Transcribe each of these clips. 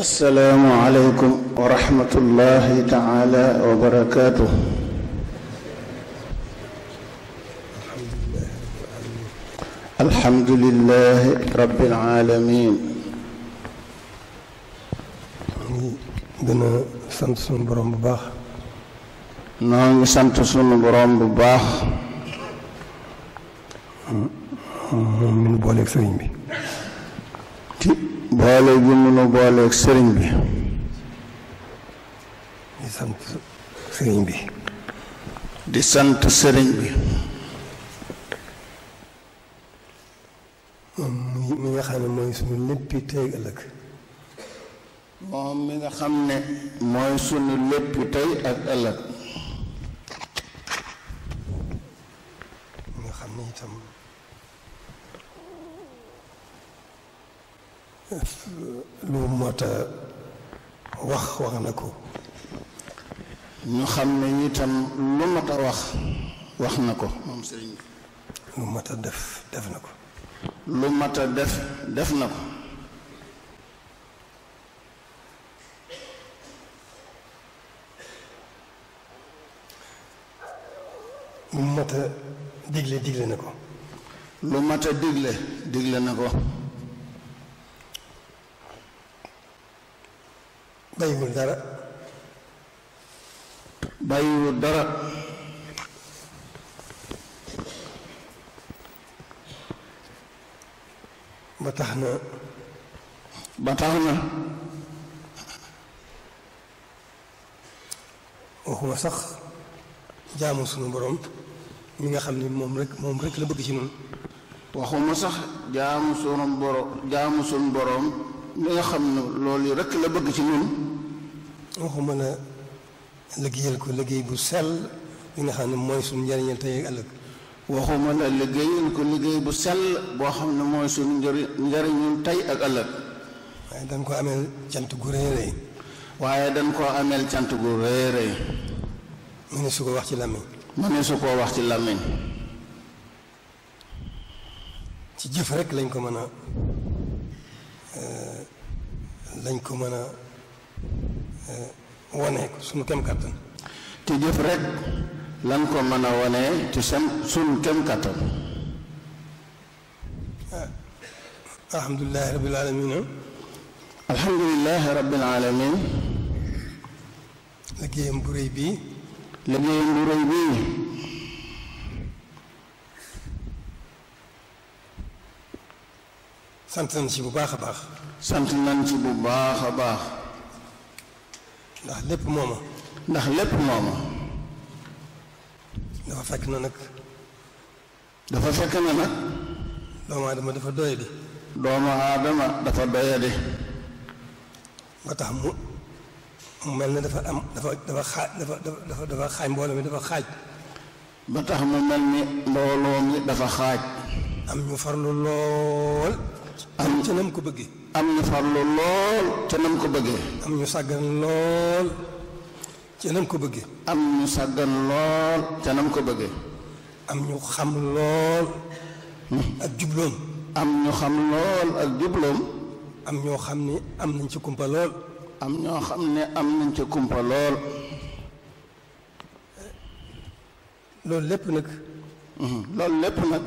assalaamu aleykum wa rahmatullahi taala wa barakaatu alhamdulilahi rabbil alamin ngi gën a sant sunu borom bu baax noo sant sunu borom bu baax moom mi bi boole gi munu booleeg sëriñ bi di sant sëriñ bi di sant sëriñ bi moom mi nga xam ne mooy sunu léppi tey ëllëg moom mi nga xam ne mooy sunu léppi tey ak ëllëg lu mot a wax wax na ko ñu xam ne itam lu mat a wax wax na ko moom sëriñ bi lu mat a def def na ko lu mat a def def na ko lu mat a digle digle na ko lu mat a digle digle na ko bàyyiwul dara bàyyiwul dara ba tax na ba tax na waxuma sax jaamu sunu borom mi nga xam ni moom rek moom rek la bëgg ci noonu waxuma sax jaamu sunu borom jaamu sunu borom mi nga xam ne loolu rek la bëgg ci noonu waxuma na liggéeyal ko liggéey bu sel bi nga xam ne mooy suñu njëriñal tey ak ëllëg waxuma na liggéeyal ko liggéey bu sel boo xam ne mooy suñu njëriñul tey ak ëllëg waaye dañ ko ameel cant gu rëy rëy waaye dañ koo ameel cant gu rëy rëy mu ne su ko wax ci làmmiñ mu ne su koo wax ci làmmiñ ci jëf rek lañ ko mën a euh, lañ ko mën a wane ko sunu kem kàttan te jëf rek lan ko mën a wane ci sem sunu kem kàttan ah, alhamdulillahi rabbil alamin alhamdulillahi rabbil alamin liggéeyam bu rëy bii liggéeyam bu rëy bii sant nañ baax a baax sant nañ ci bu baax a baax ndax lépp mooma ndax lépp mooma dafa fekk na nag dafa fekk na nag doomu aadama dafa doyadi dafa doyadi ba tax mu mu mel ne dafa am dafa dafa xaaj dafa dafa xaaj mbooloo mi dafa xaaj ba tax mu mel ni mbooloo mi dafa xaaj am ñu farlu lool am ca nam ko bëggee. am ñu farlu lool ca nam ko bëggee. am ñu sàggan lool ca nam ko bëggee. am ñu sàggan lool ca nam ko bëggee. am ñu xam lool ak jubloom. am ñu xam lool ak jubloom. am ñoo xam ni am nañ ci kumpa lool. am ñoo xam ne am nañ ci kumpa lool. loolu lépp nag. Mhm. loolu lépp nag.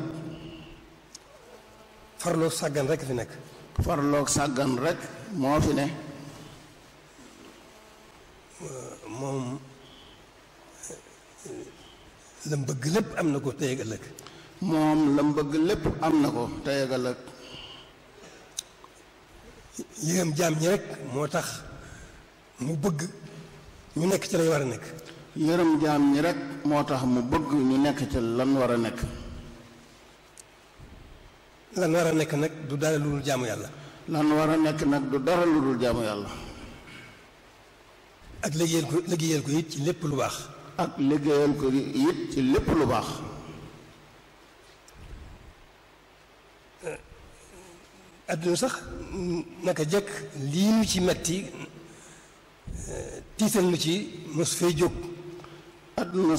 farloog sàggan rek fi nekk. farloog sàggan rek moo fi ne. Euh, euh, moom lam bëgg lépp am na ko tey ak ëllëg. moom lam bëgg lépp am na ko tey ak ëllëg. yërëm jaam ñi rek moo tax mu bëgg ñu nekk ci lay war a nekk. yërëm jaam ñi rek moo tax mu bëgg ñu nekk ci lan war a nekk. lan war a nekk nag du dara lu dul jaamu yàlla. lan war a nekk nag du dara lu dul jaamu yàlla. ak liggéeyal ko liggéeyal ci lépp lu baax. ak liggéeyal ko it ci lépp lu baax. Eh, adduna sax naka jekk lii ci metti eh, tiital nu ci mos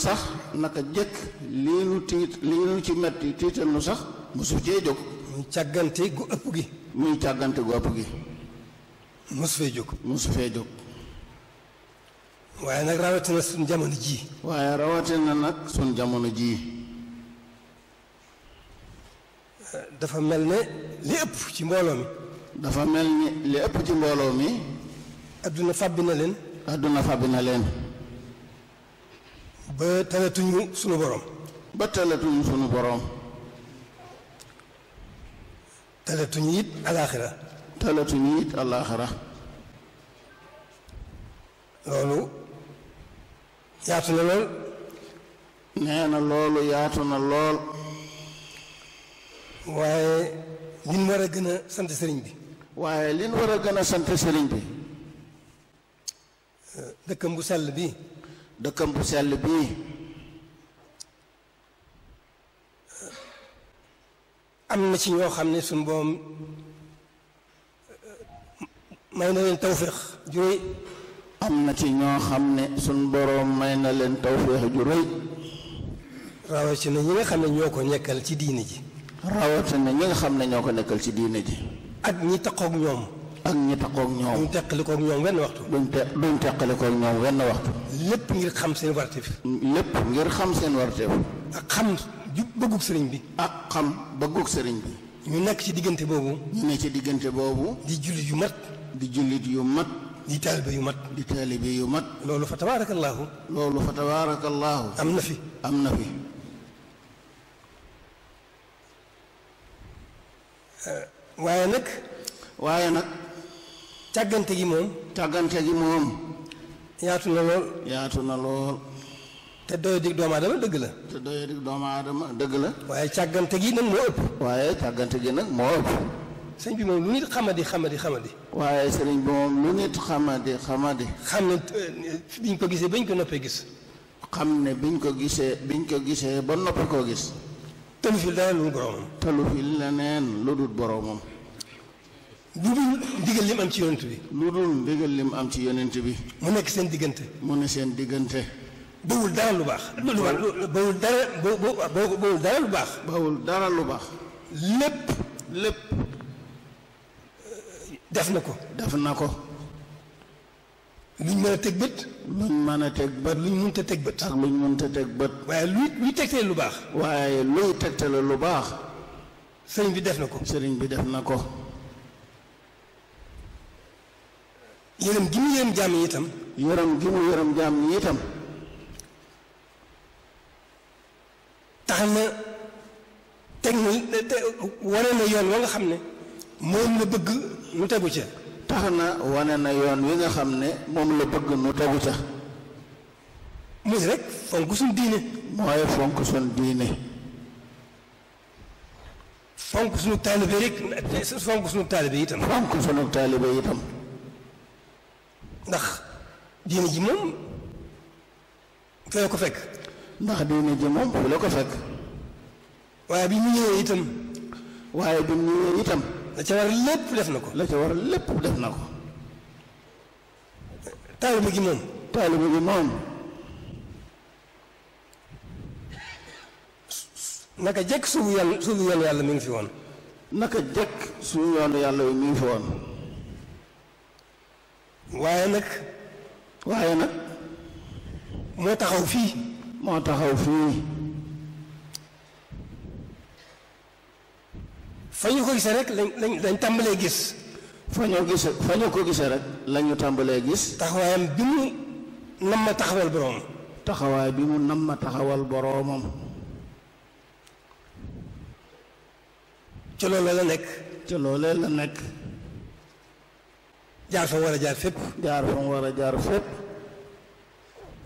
sax naka jekk lii nu tiit lii nu ci metti tiital nu sax mosu cee jóg. muy càggante gu ëpp gi muy càggante gu ëpp gi mosu fee jóg mosu fee jóg waaye nag rawatina suñ jamono jii waaye rawatina nag suñ jamono jii dafa mel ne li ëpp ci mbooloo mi dafa mel ni li ëpp ci mbooloo mi àdduna fàbbi na leen àdduna fàbbi na leen ba talatuñu sunu borom ba talatuñu sunu boroom talatuñu it alaaxira talatuñu it alaaxira loolu yaatu na lool nee na loolu yaatu na lool waaye li war a gën a sant sëriñ bi waaye li ñu war a gën a sant sëriñ bi dëkkam bu sell bi dëkkam bu sell bii am na ci ñoo xam ne suñu boom euh, may na leen tawféex ju am na ci ñoo xam ne suñ boroom may na leen tawféex ju rëy rawatina ñi nga xam ne ñoo ko nekkal ci diine ji rawatina ñi nga xam ne ñoo ko nekkal ci diine ji ak ñi taqoog ñoom ak ñi taqoog ñoom duñ teqalikoog ñoom wenn waxtu duñ te duñ teqalikoog ñoom wenn waxtu lépp ngir xam seen warteef lépp ngir xam seen warteef ak xam jub bëggug sëriñ bi. ak xam bëggug sëriñ bi. ñu nekk ci diggante boobu. ñu nekk ci diggante boobu. di jullit yu mat. di jullit yu mat. di taalibe yu mat. di taalibe yu mat. loolu fa tabaarakallaahu. loolu fa tabaarakallaahu. am na fi. am na fi. waaye nag. waaye nag. càggante gi moom. càggante gi moom. yaatu na lool. yaatu na lool. te doyoo dig doomu aadama dëgg la. te doyoo dig doomu aadama dëgg la. waaye càggante gi nag moo ëpp. waaye càggante gi nag moo ëpp. sëñ bi moom lu nit xamadi xamadi waaye sëriñ bi moom lu xam ne euh, biñ ko gisee bañ ko noppee gis. xam ne biñ ko gisee biñ ko gisee ba noppi koo gis. tëlu fi leneen lu dul boromam. tëlu fi leneen lu dul boromam. lu dul ndigal lim am ci yonent bi. lu dul ndigal lim am ci yonent bi. mu nekk seen diggante. mu ne seen diggante. bawul dara lu baax. lu dara lu baax. lépp. def na ko. def na ko. luñ mën teg bët. luñ mën a teg bët. luñ teg bët. ak luñ mënta teg bët. waaye luy luy lu baax. waaye luy tegtale lu baax. sëriñ bi def na ko. sëriñ bi def na ko. yërëm gi mu yërëm jaam yi itam. yërëm gi mu yërëm jaam yi itam. wane na yoon wa nga xam ne moom la bëgg nu tegu ca tax na wane na yoon wi nga xam ne moom la bëgg nu tegu ca mu rek fonk suñ diine mooy fonk suñ diine fonk suñu taalibe rek fonk suñu taalibe itam fonk suñu taalibe itam ndax diine ji moom fee la ko fekk ndax diine ji moom fee la ko fekk waaye bi mu ñëwee itam waaye bi mu ñëwee itam. la ca war lépp def na ko. la ca war lépp def na ko. taalibe gi moom. taalibe gi moom. naka jekk suñu yoon yàlla mi ngi fi woon. naka jekk suñu yàlla mi ngi fi woon. waaye nag. waaye nag. moo taxaw fii. moo taxaw fii. fa ñu ko gisee rek lañ lañ tàmbalee gis. fa ñoo ko gisee rek lañu ñu tàmbalee gis. taxawaayam bi mu nam ma taxawal boroomam. taxawaay bi mu nam ma taxawal boroomam. ca loolee la nekk. ca loolee la nekk. jaar fa mu war a jaar fépp. jaar fa mu war a jaar fépp.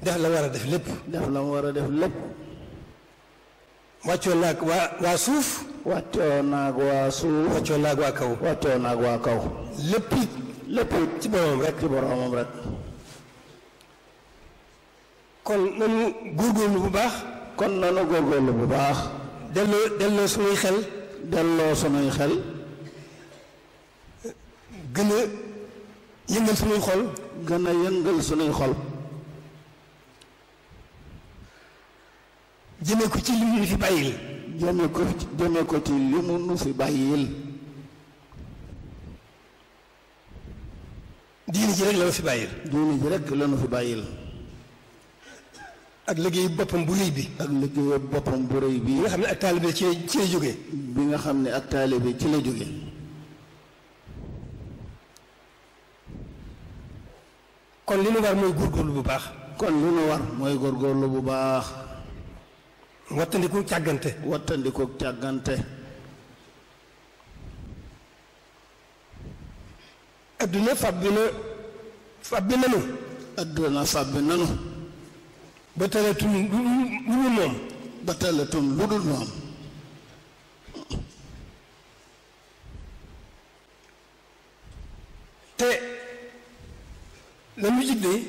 def la war a def lépp. def la mu war a def lépp. wàccoo naag waa waa suuf. wàccoo naag waa suuf. wàccoo naag waa kaw. wàccoo naag waa kaw. lépp it. lépp it ci boromam rek. ci boromam kon nanu góorgóorlu bu baax. kon nanu góorgóorlu bu baax. delloo delloo sunuy xel. delloo sunuy xel. gën a yëngal sunuy xol. gën a yëngal sunuy xol. jëme ko ci li mu nu fi bàyyil jëme ko jëme ko ci fi bàyyil diine ji rek la nu fi bàyyil diine ji rek la nu fi bàyyil ak liggéeyu boppam bu rëy bi ak liggéeyu boppam bu rëy nga xam ne ak taalibe ci ci la jóge bi nga xam ne ak taalibe ci la jóge kon li nu war mooy góorgóorlu bu baax kon li nu war mooy góorgóorlu bu baax wattandiku càggante wattandiku càggante adduna fàbbi na fàbbi nanu adduna fàbbi nanu ba talatum lu dul moom ba talatum lu dul moom te lanu jig dey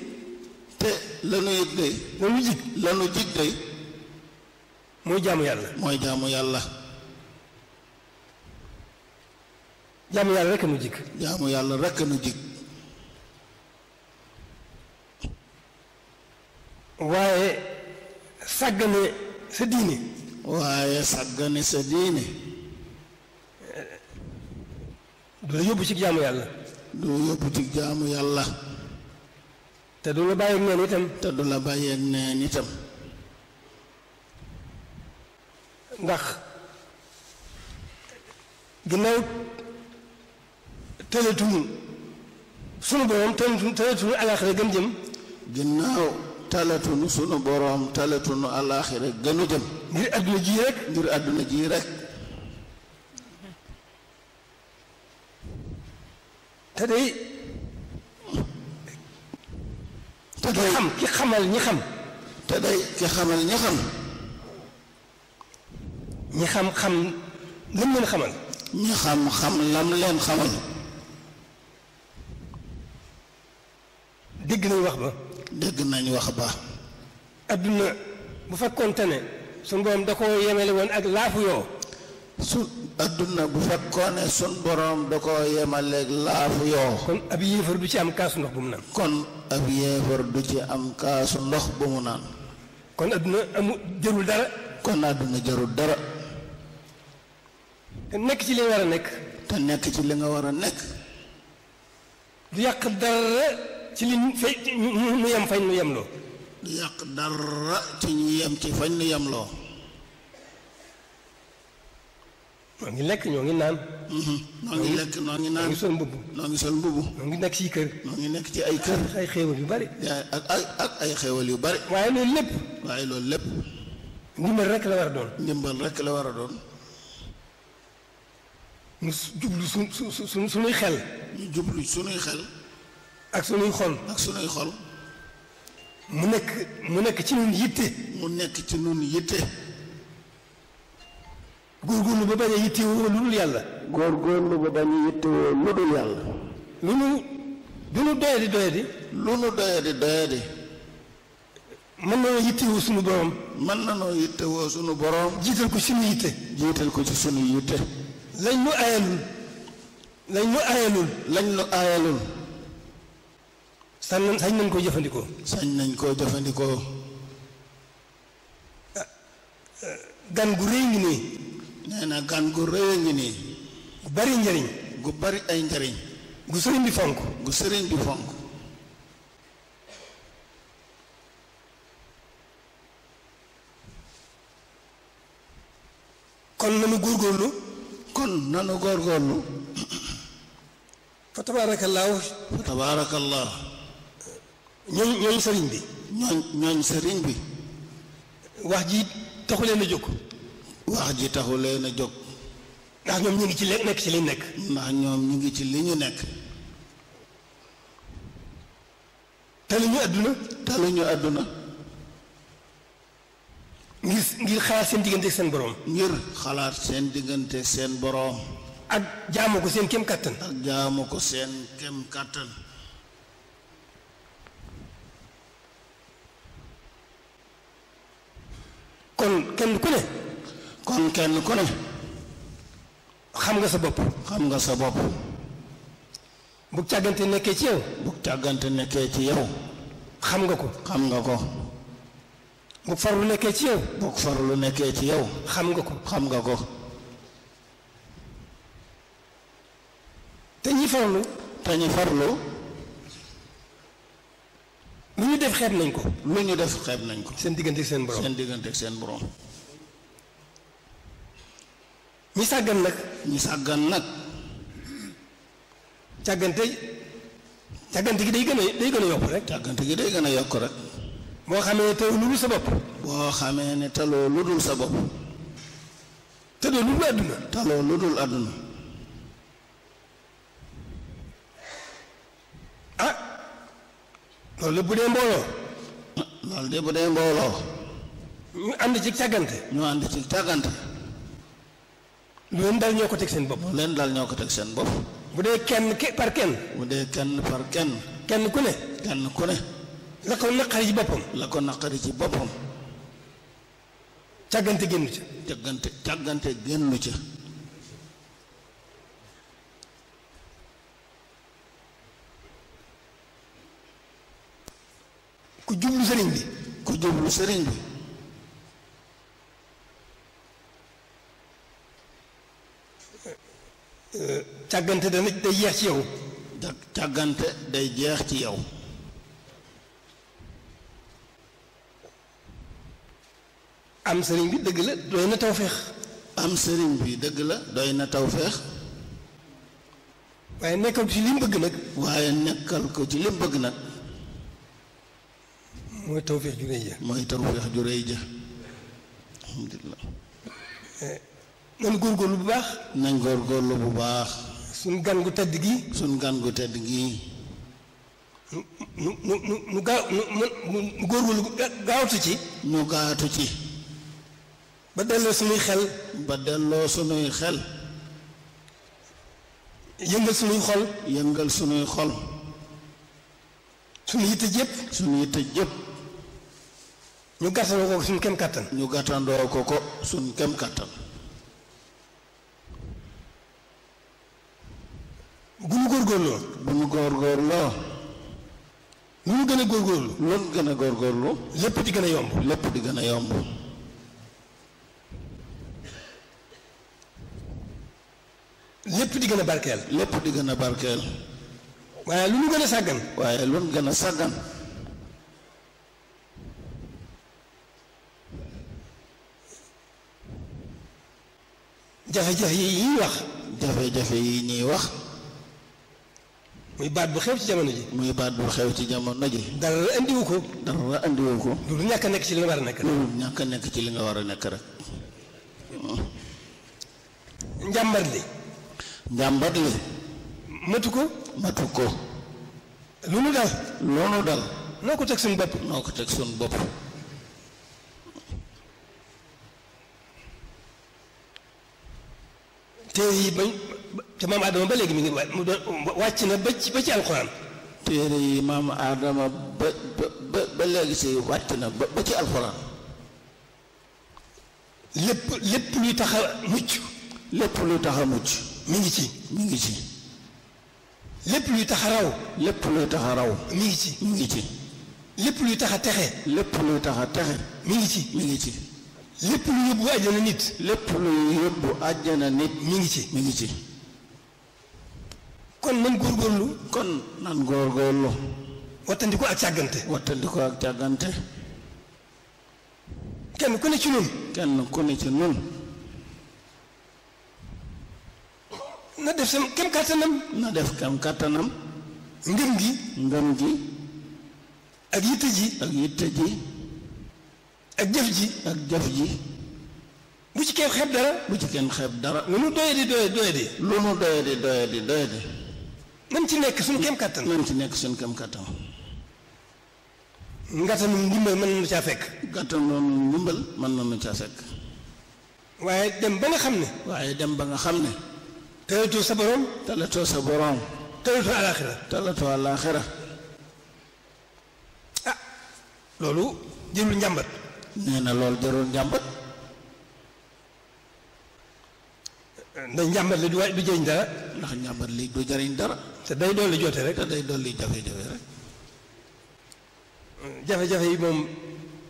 te lanu dey lanu jig lanu jig dey mooy jaamu yàlla. mooy jaamu yàlla. jaamu yàlla rek a jig. yàlla rek a nu jig. waaye sàggane sa diine. waaye sàggane sa diine. du la yóbbu ci jaamu yàlla. du la yóbbu ci jaamu yàlla. te du la bàyyeeg neen itam. te du la bàyyeeg neen itam. ndax ginnaaw tëlatuñu sunu borom tëlatuñu alaaxira gën jëm ginnaaw talatunu sunu borom talatunu alaaxira gënu jëm ngir àdduna ji rek ngir àdduna ji rek te day te day xam ki xamal ñi xam te day ki xamal ñi xam ñi xam-xam lam leen xamal. ñi xam-xam lam leen xamal. dégg nañ wax ba. dégg nañ wax ba. adduna bu fekkoonte ne suñ borom da ko yemale woon ak laafu yoo. su adduna bu fekkoon ne sun borom da ko yemale ak laafu yoo. kon ab yéefar du ci am kaasu ndox bu mu kon ab yéefar du ci am kaasu ndox bu mu naan. kon adduna amu jërul dara. kon adduna jërul dara. te nekk ci li nga war a nekk. te ci li nga war a nekk. du yàq dara ci li ñu yem fañ ñu yemloo. du yàq dara ci ñu yem ci fañ yem loo noo ngi lekk ñoo ngi naan. noo mm-hmm. ngi lekk noo ngi naan ngi sol mbubb. noo ngi sol mbubb. noo ngi nekk ci kër. noo ngi nekk ci ay kër. ay xéewal yu bari. ak ak ay xéewal yu bari. waaye loolu lépp. waaye loolu lépp. ndimbal rek la war a doon. ndimbal rekk la war a doon. ñu jublu su su su sunuy xel. ñu jublu sunuy xel. ak sunuy xol. ak sunuy xol. mu nekk mu nekk ci nun yitte. mu nekk ci nun yitte. góorgóorlu ba lu ba bañ a yittewoo lu dul yàlla. lu nu du nu doyadi doyadi. lu nu doyadi doyadi. mën na noo yittewoo sunu borom. mën na noo yittewoo sunu borom. jiital ko ci sunu yitte. jiital ko ci sunu yitte. lañ mu ayalul lañ mu ayalul lañ nu ayalul sañ sañ nañ koo jëfandikoo sañ nañ koo jëfandikoo gan gu rëy ngi nii nee gan gu rëy ngi nii gu bari njariñ gu bari ay njariñ gu sëriñ bi fonk gu sëriñ bi fonk kon nanu góorgóorlu kon nanu góorgóorlu fa tabaarakallaahu fa tabaarakallaahu ñooñ sëriñ bi ñooñ sëriñ bi wax ji taxu leen a jóg wax ji taxu leen a jóg ndax ñoom ñu ngi ci li nekk ci li nekk ndax ñoom ñu ngi ci li ñu nekk taluñu àdduna taluñu àdduna ngir ngir xalaat seen diggante seen boroom ngir xalaat seen diggante seen boroom ak jaamu ko seen kem kàttan. ak jaamu ko seen kem kàttan. kon kenn ku ne. kon kenn ku xam nga sa bopp. xam nga sa bopp. bu càggante nekkee ci yow. bu càggante nekkee ci yow. xam nga ko. xam nga ko. bu farlu nekkee ci yow. bu farlu nekkee ci yow. xam nga ko xam nga ko. te ñi farlu. te ñi farlu. ñu def xeeb nañ ko. lu ñu def xeeb nañ ko. seen diggante ak seen borom seen diggante seen borom. ñi sàggan nag. ñi sàggan nag. càggante càggante gi day gën a day gën a yokk rek. càggante gi day gën a yokk rek. boo xamee ne taloo lu dul sa bopp. boo xamee ne taloo lu dul sa bopp. taloo lu dul àdduna. taloo lu dul àdduna. ah loolu bu dee mbooloo. loolu de bu dee mbooloo. ñu ànd ci càggante. ñu ànd ci càggante. lu leen dal ñoo ko teg seen bopp. leen dal ñoo ko teg seen bopp. bu dee kenn par kenn. bu dee kenn par kenn. kenn ku ne. kenn ku ne. la ko naqari ci boppam. la ko naqari ci boppam. càggante génnu ca. càggante càggante génnu ca. ku jublu sëriñ bi. ku jublu sëriñ bi. càggante dana day jeex ci yow. càggante day jeex ci yow. am sëriñ bi dëgg la doy na tawféex am sëriñ bi dëgg la doy na tawféex waaye nekkal ko ci lim bëgg nag ko ci li bëgg nag mooy tawféex ju rëy ja mooy tawféex ju rëy ja alhamdulilah eh, nañ góorgóorlu bu baax nañ góorgóorlu bu baax suñ gan gu tedd gi suñ gan gu tedd gi nu nu nu nu gaaw nu nu góorgóorlu gaawtu ci nu gaawtu ci ba delloo suñuy xel ba delloo suñuy xel yëngal suñuy xol yëngal suñuy xol suñu yitte jëpp suñu yitte jëpp ñu gàttandoo ko suñu kem kàttan ñu gàttandoo ko ko suñu kem kàttan bu ñu góorgóorloo bu ñu góorgóorloo lu ñu gën a góorgóorlu lu ñu gën a góorgóorlu lépp di gën a yomb lépp di gën a yomb lépp di gën a barkeel. lépp di gën a barkeel. waaye lu nu gën a sàggan. waaye lu nu gën a sàggan. jafe-jafe yi ñuy wax. jafe-jafe yi ñuy wax. muy baat bu xew ci jamono ji. muy baat bu xew ci jamono ji. dara andiwu ko. dara andiwu ko. lu ñàkk nekk ci li war a nekk rek. ñàkk a nekk ci li nga war a nekk rek. njàmbar li. njàmbat li matu ko matu ko lu nu dal loolu dal noo ko teg suñ bopp noo ko teg suñu bopp téere yi bañ te maam Adama ba léegi mi ngi mu doon wàcc na ba ci ba ci alxuraan wàcc na ba lépp lépp luy tax mucc lépp luy taxa a mucc mi ngi ci mi ngi ci lépp luy tax a raw lépp luy tax a raw mi ngi ci mi ngi ci lépp luy tax a texe lépp luy tax a texe mi ngi ci mi ngi ci lépp luy yóbbu àjjana nit lépp luy yóbbu mi ngi ci mi ngi ci kon nan góorgóorlu kon naan góor wattandi ko ak càggante wattandi ko ak càggante kenn ku ne ci nun kenn ku ne ci nun na def sam kem kàttanam na def kem kàttanam ngëm gi ngëm gi ak yitte ji ak yitte ak jëf ji ak jëf ji bu ci kenn xeeb bu ci kenn xeeb dara lu mu doye di ci nekk suñu kem kàttan nan ci nekk suñu kem kàttan ngàttanum ndimbal mën nañu caa fekk ngàttanum ndimbal mën nañu caa fekk waaye dem ba nga xam ne waaye dem ba nga xam ne tëlatoo sa borom. tëlatoo sa borom. tëlatoo alaaxira. tëlatoo alaaxira. ah loolu jërul njàmbat. nee na lool jërul njàmbat. ndax njàmbat li du waay du jëriñ dara. ndax njàmbat li du jëriñ dara. te day dolli joote rek. te day dolli jafe-jafe rek. jafe-jafe yi moom.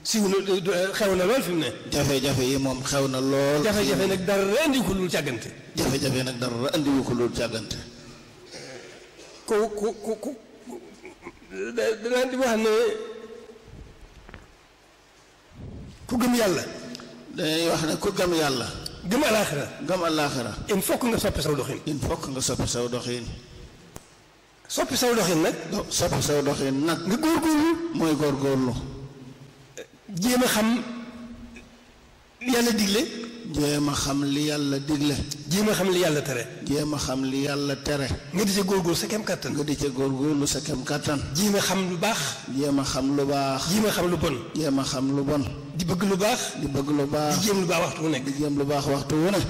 siw na eh, eh, xew na lool fi mu ne. jafe-jafe yi moom xew na lool. jafe-jafe nag dara andi ko lul càggante. jafe-jafe nag dara andi ko lul càggante. ku ku ku ku danaa di wax ne ku gëm yàlla. dañuy wax ne ku gëm yàlla. gëm alaaxira. gëm alaaxira. il faut que nga soppi saw doxin. il faut nga soppi saw doxin. soppi saw doxin nag. soppi saw doxin nag. nga góorgóorlu. mooy góorgóorlu. jéem a xam li yàlla digle. jéem a xam li yàlla digle. jéem a xam li yàlla tere. jéem a xam li yàlla tere. nga di ca góorgóorlu sa kem kàttan. nga di ca góorgóorlu sa kem kàttan. jéem a xam lu baax. jéem a xam lu baax. jéem a xam lu bon. jéem a xam lu bon. di bëgg lu baax. di bëgg lu baax di jéem lu baax waxtu wu nekk. di jéem lu baax waxtu wu nekk.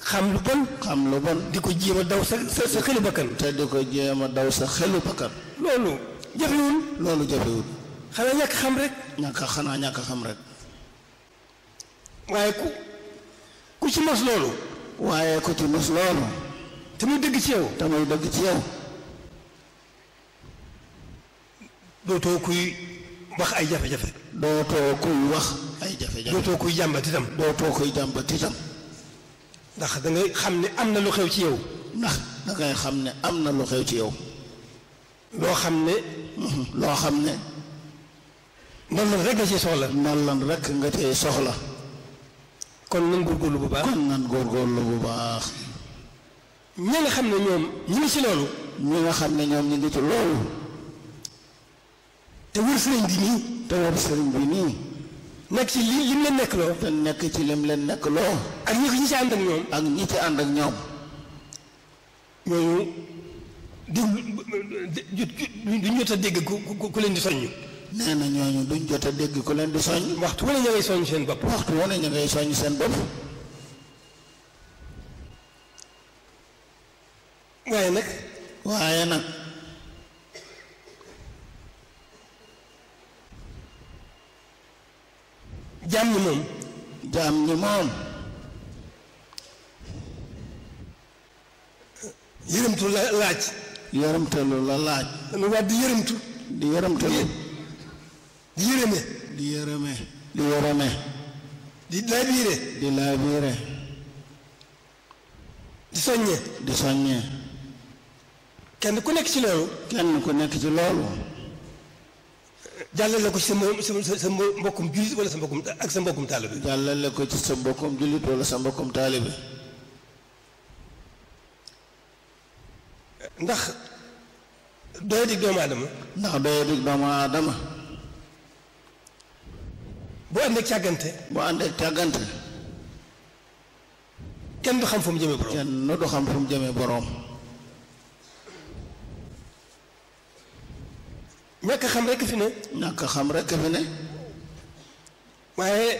xam lu bon. xam lu bon. di ko jéem a daw sa sa sa xelu bakkan. te di ko jéem a daw sa xelu bakkan. loolu jafewul. loolu jafewul. xanaa ñàkk xam rek ñàkk xanaa ñàkk xam rek waaye ku ku ci mos loolu waaye ku ci mos loolu te muy dëgg ci yow te dëgg ci yow dootoo kuy wax ay jafe-jafe dootoo kuy wax ay jafe-jafe dootoo kuy jàmbat itam dootoo kuy jàmbat itam ndax da xam ni am na lu xew ci yow ndax da xam ne am na lu xew ci yow loo xam ne loo xam ne mbàllan rek nga ciy soxla. mbàllan rek nga ciy soxla. kon nan góorgóorlu bu baax. kon nan la bu baax. ñi nga xam ne ñoom ñu ngi ci loolu. ñi nga xam ne ñoom ñu ngi ci loolu. te wër sëriñ bi nii. te wër sëriñ bi nii. nekk ci li lim leen nekk loo. te nekk ci lim leen nekk loo. ak ñi ñi ci ànd ak ñoom. ak ñi ci ànd ak ñoom. ñooñu di du jot a dégg ku ku leen di soññ. nee na ñooñu duñ jot a dégg ko leen di soññ. waxtu wu ne ña soññ seen bopp. waxtu wu ne ña seen bopp. waaye nag. waaye nag. jaam ñi jaam ñi moom. yërëmtu la laaj. yërëmtalu la laaj. nu war di yërëmtu. di yërëmtalu. di yërëme di yërëme di yërëme di di laabiire di soññe kenn ku nekk ci loolu kenn ku nekk ci loolu jàllale ko ci sa sa mbokkum jullit wala sa mbokkum ak sa mbokkum ko ci sa mbokkum jullit wala sa mbokkum taalibe ndax doyadig doomu aadama ndax doyadig doomu aadama boo ànd ak càggante boo ànd ak càggante kenn du xam fu mu jëmee boroom kenn du xam fu mu xam rekk fi ne ñàkk xam rekk fi ne waaye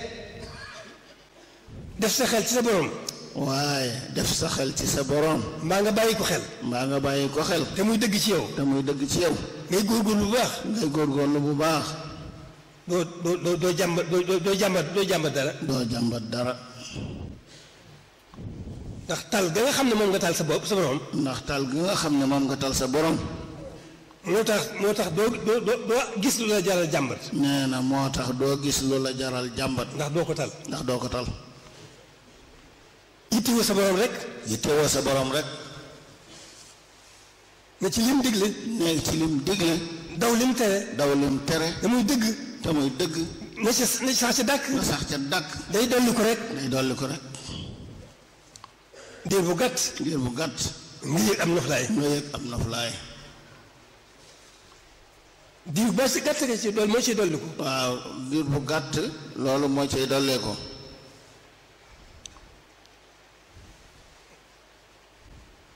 def sa xel ci sa boroom waaye def sa xel ci sa boroom mbaa nga bàyyi ko xel mbaa nga bàyyi ko xel te muy dëgg ci yow te muy dëgg ci yow ngay góorgóorlu bu baax ngay góorgóorlu bu baax doo doo doo jàmbat doo doo jàmbat doo jàmbat dara. doo jàmbat dara. ndax tal ga xam ne moom nga tal sa bopp sa borom. ndax tal ga xam ne moom nga tal sa borom. moo tax moo tax doo gis lu la jaral jàmbat. nee na moo tax doo gis lu la jaral jàmbat. ndax doo ko tal. ndax doo ko tal. yittewoo sa borom rek. yittewoo sa borom rek. ne ci lim digle. ne ci lim digle. daw lim tere. daw lim tere. damuy dëgg. te dëgg. na sa na dàkk. na sax dàkk. day dolli ko rek. day dolli ko rek. diir bu gàtt. diir bu gàtt. nga am noflaay. nga yëg am noflaay. diir boo si gàtt nga ci dool moo ciy dolli ko. waaw diir bu gàtt. loolu moo ciy dollee ko.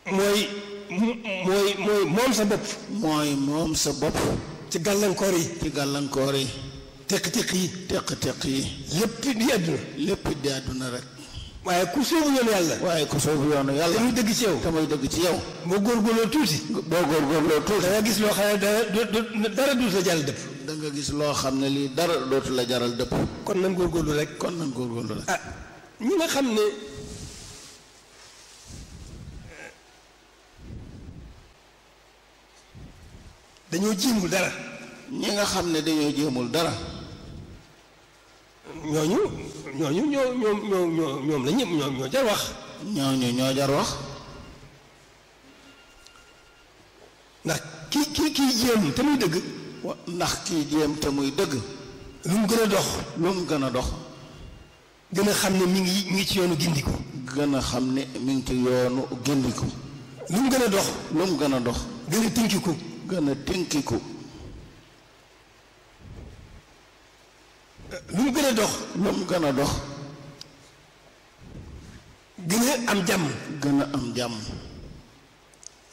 mooy mooy mooy moom sa bopp. mooy moom sa bopp. ci gàllankoor yi. ci gàllankoor yi. teq-teq yi teq-teq yi yépp di àdduna lépp di àdduna rek waaye ku soobu yoonu yàlla waaye ku soobu yoonu yàlla te muy dëgg ci yow te muy dëgg ci yow boo góorgóorloo tuuti boo tuuti da nga gis loo xam ne dara dootu la jaral dëpp da gis loo xam ne lii dara dootu la jaral dëpp kon nan góorgóorlu rek kon nan góorgóorlu rek ah nga xam ne dañoo jéemul dara ñi nga xam ne dañoo jéemul dara ñooñu ñooñu ñoom ñoo ñoo ñoom la ñëpp ñoom ñoo jar wax. ñooñu ñoo jar wax. ndax ki ki kii jéem te muy dëgg. ndax kii jéem te muy dëgg. lu mu gën a dox. lu mu gën a dox. gën a xam ne mi ngi mi ngi ci yoonu gindiku. gën a xam ne mi ngi ci yoonu gindiku. lu mu gën a dox. lu mu gën a dox. gën a tënkiku. gën a tënkiku. lu mu gën a dox lu mu gën a dox gën a am jàmm gën a am jàmm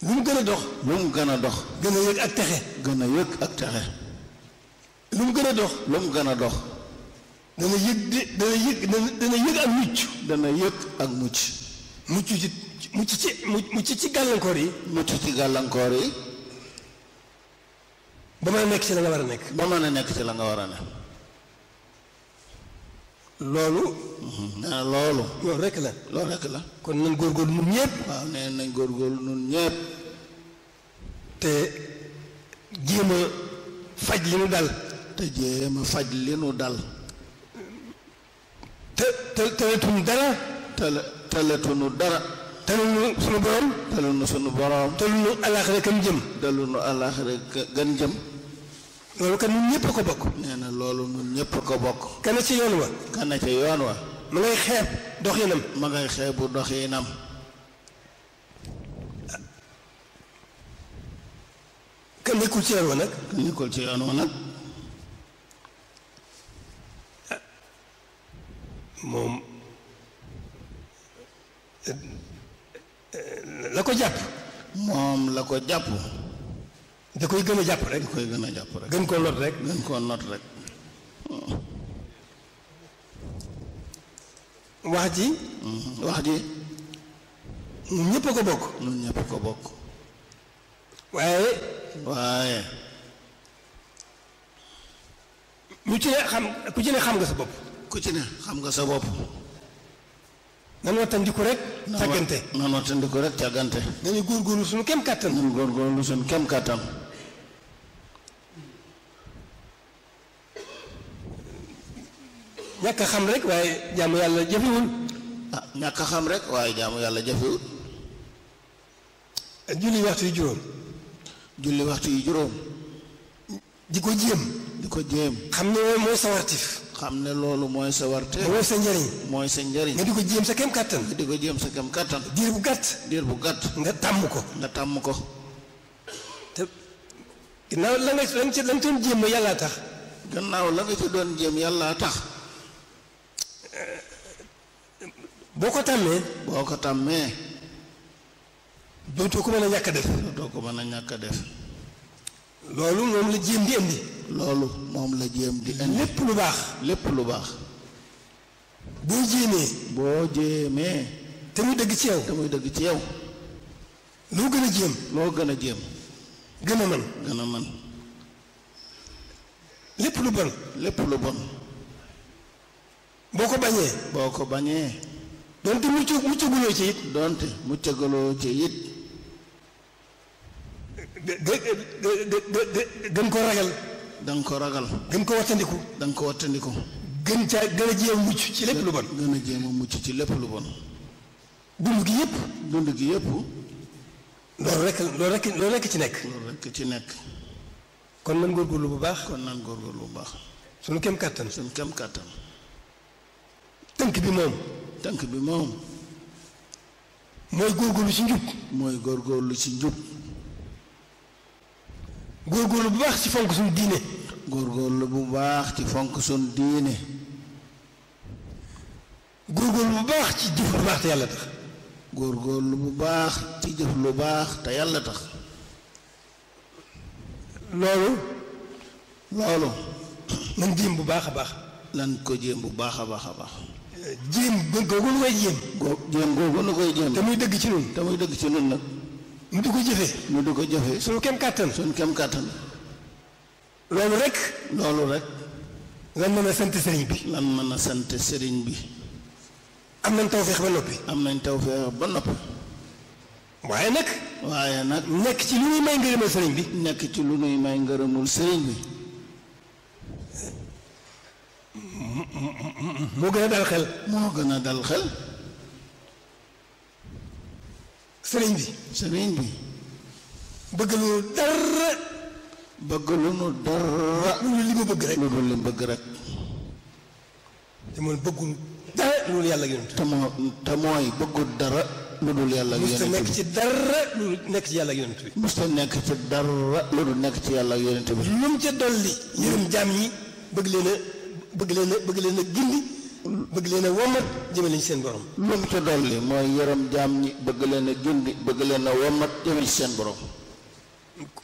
lu mu gën a dox lu mu gën a dox gën a yëg ak texe gën a yëg ak texe lu mu gën a dox lu mu gën a dox dana yëg di dana yëg dana yëg ak mucc dana yëg ak mucc mucc ci mucc ci mucc ci gàllankoor yi mucc ci gàllankoor yi ba mën nekk ci la nga war a nekk ba mën a nekk ci la nga war a nekk loolu. nee loolu. loolu la. loolu rek la. kon nañ góorgóorlu nun ñëpp. waaw nee nañ góorgóorlu nun ñëpp. te jéem faj li nu dal. te jéem a faj li dal. te te tëlatuñu dara. tëla tëlatuñu dara. tëluñu sunu borom. tëluñu sunu borom. tëluñu alaaxira kan jëm. tëluñu alaaxira kan jëm. loolu kan ñun ñëpp ko bokk. nee na loolu ñun ñëpp ko bokk. kana ci yoon wa. kana ci yoon wa. ma ngay xeeb doxinam. ma ngay xeebu doxinam. ka nekkul ci yoon wa ci yoon wa nag. moom la ko jàpp. moom la ko jàpp. da koy gën a jàpp rek. da koy gën a jàpp rek. gën koo lot rek. gën koo lot rek. wax ji. Mm-hmm. wax ji. ñun ñëpp ko bokk. ñun ñëpp ko bokk. waaye. waaye. ñu ci ne xam ku ci ne xam nga sa bopp. ku ci ne xam nga sa bopp. nan wattandiku rek. càggante nan wattandiku rek càggante. dañuy góorgóorlu suñu kem kàttan. dañuy góorgóorlu suñu kem kàttan. ñàkk xam rek waaye jaamu yàlla jafewul ah ñàkk xam rek waaye jaamu yàlla jafewul julli waxtu yu juróom julli waxtu yu juróom di ko jéem di ko jéem xam ne loolu mooy sa xam ne loolu mooy sa wartif mooy sa njëriñ mooy sa njëriñ nga di ko jéem sa kem kàttan di ko jéem sa kem kàttan diir bu gàtt diir bu gàtt nga tàmm ko nga tàmm ko te ginnaaw la nga ci doon jéem yàllaa tax gannaaw la nga ci doon jéem yàllaa tax boo ko tàmmee boo ko tàmmee dootoo ko ñàkk a def dootoo ko mën a ñàkk def loolu moom la jéem di indi loolu moom la jéem di indi lépp lu baax lépp lu baax boo jéemee boo jéemee te muy dëgg ci yow te muy dëgg ci yow loo gën a jéem loo gën a jéem gën a mën gën a mën lépp lu bon lépp lu bon boo ko bañee boo ko bañee donte mucc muccaguloo ci it donte muccaguloo ci it gën ko ragal danga ko ragal gën ko wattandiku danga ko wattandiku gën caa gën a jéem mucc ci lépp lu bon gën a jéem mucc ci lépp lu bon dund gi yëpp dund gi yëpp loolu rekk loolu rekk ci nekk loolu rekk ci nekk kon nan góorgóorlu bu baax kon nan góorgóorlu bu baax suñu kem kàttan suñu kem kàttan tënk bi moom tànk bi moom mooy góorgóorlu ci njub mooy góorgóorlu ci njub góorgóorlu bu ci fonk suñu diine góorgóorlu bu baax ci fonk suñu diine góorgóorlu bu baax ci jëf lu baax te yàlla bu baax ci jëf lu baax te yàlla tax loolu loolu nan jéem bu baax a baax lan ko jéem bu baax a baax a baax jéem googu nu koy jéem. goo jéem googu nu koy jéem. te muy dëgg ci nun te muy dëgg ci nun nag. di ko jëfee. ñu di ko jëfee. suñu kem kàttan. suñu kem loolu rek. loolu rek. lan mën sant sëriñ bi. lan mën a sant sëriñ bi. am nañ tawféex ba am nañ tawféex ba noppi. waaye nag. waaye nag. nekk ci lu nuy may ngërëmul sëriñ ci lu nuy may ngërëmul sëriñ bi. moo gën a dal xel moo gën a dal xel sëriñ bi sëriñ bi bëgg lu dara bëgg lu nu dara lu lu li mu bëgg rek te moom bëggul dara lu dul yàlla yonent te moo te mooy bëggul dara lu dul yàlla yonent bi nekk ci dara lu yàlla yonent bi musta nekk ci dara lu dul nekk ci yàlla yonent bi lu mu ca dolli yërëm jaam ñi bëgg leen bëgg leen a bëgg leen a gindi bëgg leen a womat jëme leen ci seen borom lu mu ca dolli mooy yaram jaam ñi bëgg leen a gindi bëgg leen a womat jëme ci seen borom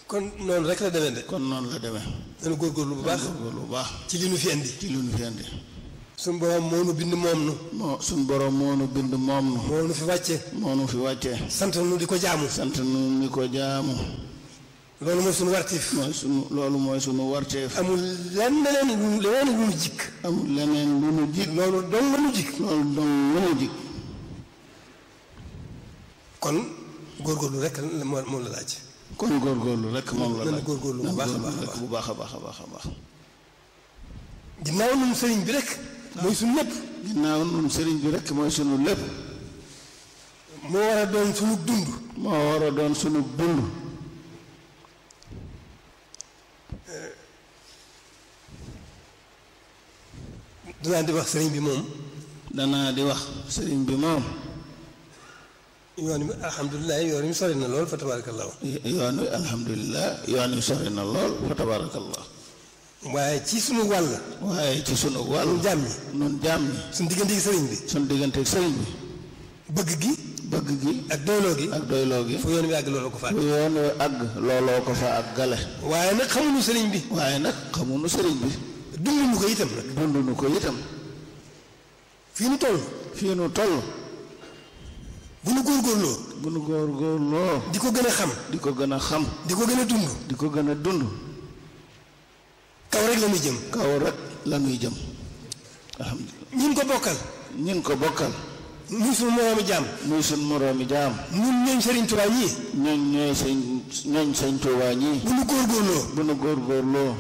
kon noonu rek la demee de kon noonu la demee dañu góorgóorlu bu baax góorgóorlu bu baax ci li nu fi indi ci li nu fi indi suñ borom moo nu bind moom nu moo suñ borom moo nu bind moom nu moo nu fi wàcce moo nu fi wàcce sant nu di ko jaamu sant nu di ko jaamu loolu mooy sunu warteef. mooy sunu loolu mooy sunu warteef. amul leneen leneen lu nu jikk. amul leneen lu nu jikk. loolu dong lu jikk. loolu dong lu jikk. kon góorgóorlu rek moom la laaj. kon góorgóorlu rek moom la laaj. nan bu baax a baax a bu baax a baax baax a baax. ginnaaw nun sëriñ bi rek. mooy sëriñ bi rek mooy sunu lépp. moo war a doon sunu dund. moo war a doon sunu dund. danaa di wax sëriñ bi moom danaa di wax sëriñ bi moom yoon wi alhamdulilah yoon wi sori na lool fa tabarakallah yoon na lool waaye ci sunu wàll waaye ci sunu wàll nun jaam ñi nun jaam ñi suñ diggante ak sëriñ bi suñ diggante ak sëriñ bi bëgg gi bëgg gi. ak doyloo gi ak doyloo gi. fu yoon wi àgg looloo ko fa àgg. fu yoon wi àgg looloo ko fa àgg gale. waaye nag xamuñu sëriñ bi. waaye nag xamuñu sëriñ bi. dunduñu ko itam nag. dunduñu ko itam. fii nu toll. fii nu toll. bu nu góor bu nu di ko gën a xam. di ko gën a xam. di ko gën a dund. di ko gën a dund. kaw rek la muy jëm. kaw rek la jëm. alhamdulilah ñin ko bokkal. ñin ko bokkal. muy sunu moroomi jaam. muy sunu moroomi jaam. ñun ñooñ sëriñ Tuubaa ñii. ñooñ ñooy sëñ ñooñ sëñ Tuubaa ñii. bu nu góorgóorloo. bu nu góorgóorloo.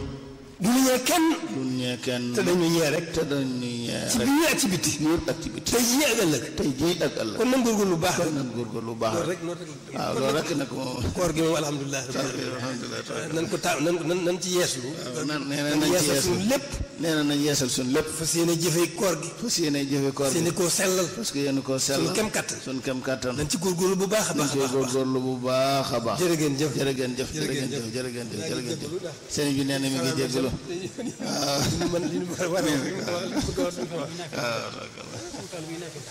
du ñu ñee kenn. du ñu ñee kenn. te dañu ñee rek. te dañu ñee rek ci biir ak ci biti. biir ak ci biti. tey jii ak ëllëg. tey jii ak ëllëg. kon la. la. loolu rek loolu rek. waaw loolu rek nag moom. koor gi koo sellal. koo sellal. suñu kem kattan. suñu kem kattan. nañ ci góorgóorlu bu baax a baax. nañ ci jëf jërë ngeen jëf jërë ngeen jëf jërë ngeen jëf jërë ngeen jëf sëriñ bi nee na mi di la waaw